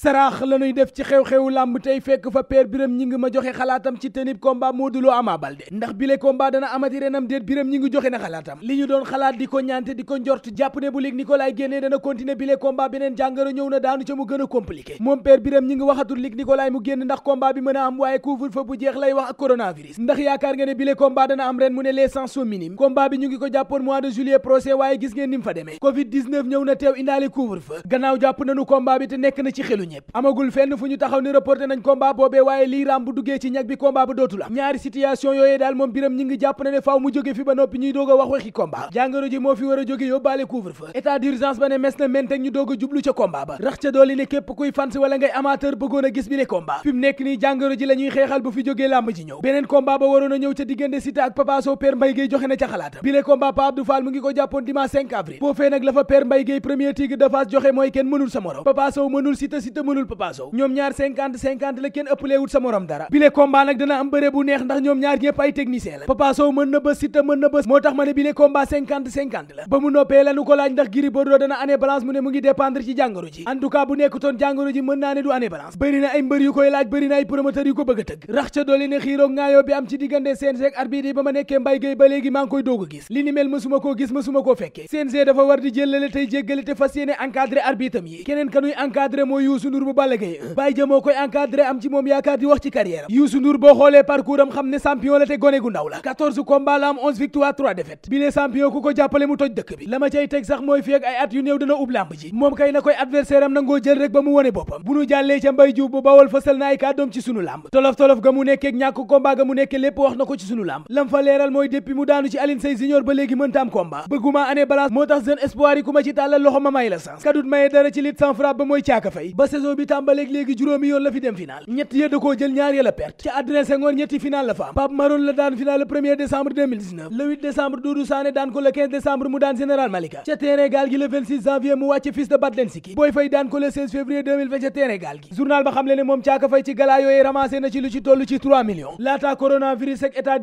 saraax la ñuy def ci xew-xewu làmb tey fekk fa père biram ñi ngi ma joxe xalaatam ci tenib combat Modou Lo Ama Baldé ndax bile combat dana amati renam déet biram ñi ngi joxe na xalaatam li ñu doon xalaat di ko ñaante di ko njort jàpp ne bu Luc Nicolaï génnee dana continuer bile combat beneen jàngoro ñëw na daanu ca mu gën a compliqué moom père biram ñi ngi waxatul Luc Nicolaï mu génn ndax combat bi mën a am waaye couvre-feu bu jeex lay wax ak coronavirus ko jàppoon mois de juillet prochain waaye gis ngeen ni mu fa na teew indaale couvre-feu gannaaw jàpp ñëpp amagul fenn fu ñu taxaw ni reporté nañ combat boobee waaye lii raam bu duggee ci ñag bi combat ba dootu la ñaari situation yooyee daal moom biram ñi ngi jàpp na ne faaw mu jóge fi ba noppi ñuy doog a wax waxi combat jàngoro ji moo fi war a jóge yóbbaale couvre feu état d'urgence ba ne mes na menteg ñu doog jublu ca combat ba rax ca dooli ne képp kuy fans wala ngay amateur bëggoon a gis bi le combat nekk nii jàngoro ji la xeexal bu fi jógee làmb a ñëw ca diggante Siteu ak Papa te mënul Papa ñoom ñaar cinquante cinquante la kenn ëppaleewut sa morom dara bile combat nag dana am bëre bu neex ndax ñoom ñaar ñëpp ay technicien la Papa mën na bës Siteu mën na bës moo tax ma ne bile combat cinquante cinquante la ba mu noppee la ko laaj ndax Gris Bordeaux dana année balance mu ne mu ngi dépendre ci jàngoro ji en tout cas bu jàngoro ji mën naa ne du année balance bëri na ay mbër yu koy laaj bëri na ay promoteurs yu Youssou ne champion ku ko jàppale mu toj dëkk bi la cay teg sax mooy fi ay at yu néew dana ub lamb ji moom kay na koy adversaire nangoo jël rek ba mu wone boppam bu nu jàllee ca mbay juub bu bawol fësal na ay kàddoom ci sunu lamb tolof-tolof ga mu nekkee ñàkk combat ga mu nekke lépp wax na ko ci sunu lamb lam fa leeral mooy depuis mu daanu ci Aline Sey Junior ba léegi mënta am bëgguma année balance moo tax jeune espoir yi ku ma ci tàllal loxo saison bi tàmbaleeg léegi juróomi janvier mu wàcc fils de Batlenski Boy Faye daan ko le 16 ca terrain gaal gi journal ba xamle ne moom Caaka Fay ci galaa yooyu ramassé na ci lu ci toll ci 3 laata coronavirus ak état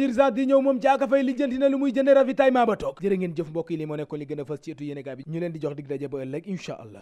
ñu leen di jox dig daje ba ëllëg incha allah